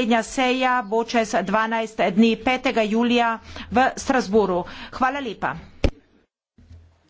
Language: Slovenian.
Naslednja seja bo čez dvanajst dni petega julija v strasbourgu hvala lepa